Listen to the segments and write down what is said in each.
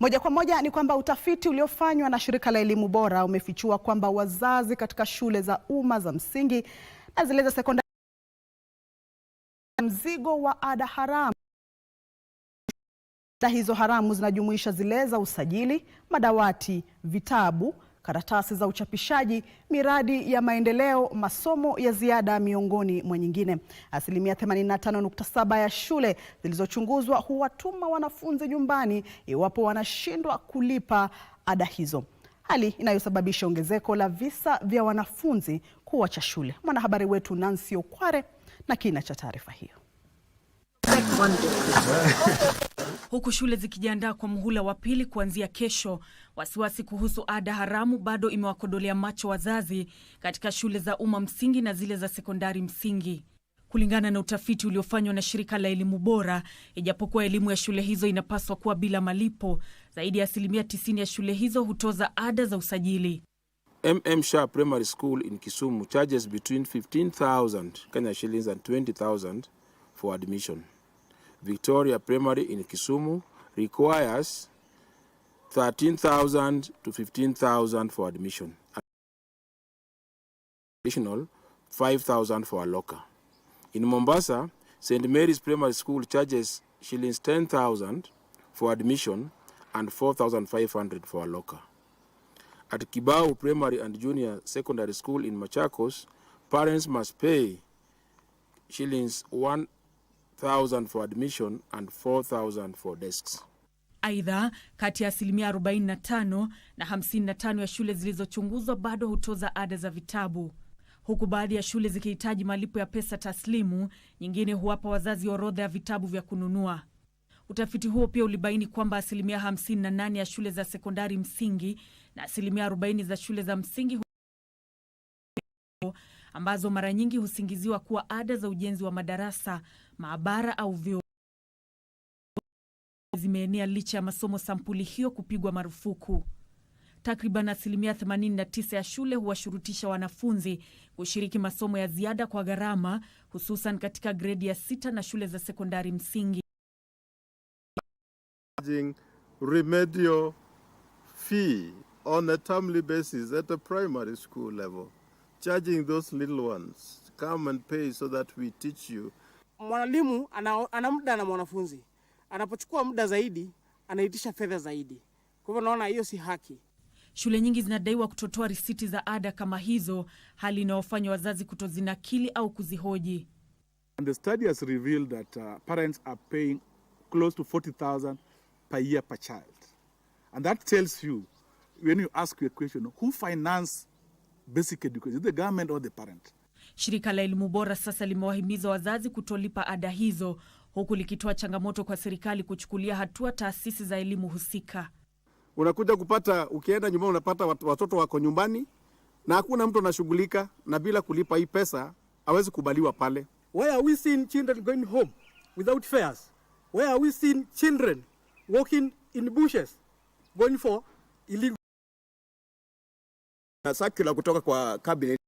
Moja kwa moja ni kwamba utafiti uliofanywa na shirika la elimu bora umefichua kwamba wazazi katika shule za umma za msingi na zile za sekondari mzigo wa ada haramu. Ada hizo haramu zinajumuisha zile za usajili, madawati, vitabu karatasi za uchapishaji, miradi ya maendeleo, masomo ya ziada miongoni mwa nyingine. Asilimia 85.7 ya shule zilizochunguzwa huwatuma wanafunzi nyumbani iwapo wanashindwa kulipa ada hizo, hali inayosababisha ongezeko la visa vya wanafunzi kuacha shule. Mwanahabari wetu Nancy Okware na kina cha taarifa hiyo huku shule zikijiandaa kwa mhula wa pili kuanzia kesho. Wasiwasi kuhusu ada haramu bado imewakodolea macho wazazi katika shule za umma msingi na zile za sekondari msingi. Kulingana na utafiti uliofanywa na shirika la elimu bora, ijapokuwa elimu ya shule hizo inapaswa kuwa bila malipo, zaidi ya asilimia 90 ya shule hizo hutoza ada za usajili. MM Shah Primary School in Kisumu charges between 15,000 Kenya shillings and 20,000 for admission. Victoria Primary in Kisumu requires 13,000 to 15,000 for admission. Additional 5,000 for a locker. In Mombasa, St. Mary's Primary School charges shillings 10,000 for admission and 4,500 for a locker. At Kibau Primary and Junior Secondary School in Machakos, parents must pay shillings 1 1,000 for admission and 4,000 for desks. Aidha, kati ya asilimia 45 na 55 ya shule zilizochunguzwa bado hutoza ada za vitabu, huku baadhi ya shule zikihitaji malipo ya pesa taslimu, nyingine huwapa wazazi orodha ya vitabu vya kununua. Utafiti huo pia ulibaini kwamba asilimia 58 ya shule za sekondari msingi na asilimia 40 za shule za msingi ambazo mara nyingi husingiziwa kuwa ada za ujenzi wa madarasa, maabara au vyuo zimeenea licha ya masomo sampuli hiyo kupigwa marufuku. Takriban asilimia 89 ya shule huwashurutisha wanafunzi kushiriki masomo ya ziada kwa gharama, hususan katika gredi ya sita na shule za sekondari msingi. Remedial fee on a timely basis at the primary school level charging those little ones come and pay so that we teach you. Mwalimu ana, ana muda na mwanafunzi, anapochukua muda zaidi anaitisha fedha zaidi, kwa hivyo naona hiyo si haki. Shule nyingi zinadaiwa kutotoa risiti za ada kama hizo, hali inayofanya wazazi kutozinakili au kuzihoji. And the study has revealed that uh, parents are paying close to 40,000 per year per child. And that tells you when you ask your question, who finance basic education, the government or the parent. Shirika la elimu bora sasa limewahimiza wazazi kutolipa ada hizo huku likitoa changamoto kwa serikali kuchukulia hatua taasisi za elimu husika. Unakuja kupata ukienda nyumbani, unapata watoto wako nyumbani na hakuna mtu anashughulika, na bila kulipa hii pesa hawezi kubaliwa pale. Where are we seeing children going home without fares? Where are we seeing children walking in bushes going for illegal na sakula kutoka kwa cabinet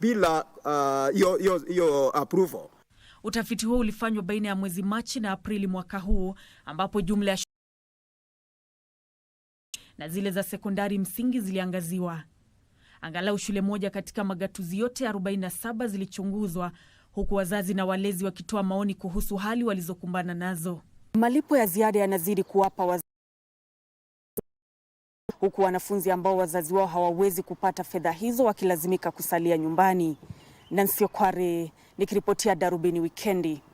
bila uh, hiyo uh, hiyo approval. Utafiti huo ulifanywa baina ya mwezi Machi na Aprili mwaka huu ambapo jumla ya na zile za sekondari msingi ziliangaziwa. Angalau shule moja katika magatuzi yote 47 zilichunguzwa huku wazazi na walezi wakitoa maoni kuhusu hali walizokumbana nazo. Malipo ya ziada yanazidi kuwapa huku wanafunzi ambao wazazi wao hawawezi kupata fedha hizo wakilazimika kusalia nyumbani. Nancy Okware nikiripotia Darubini Wikendi.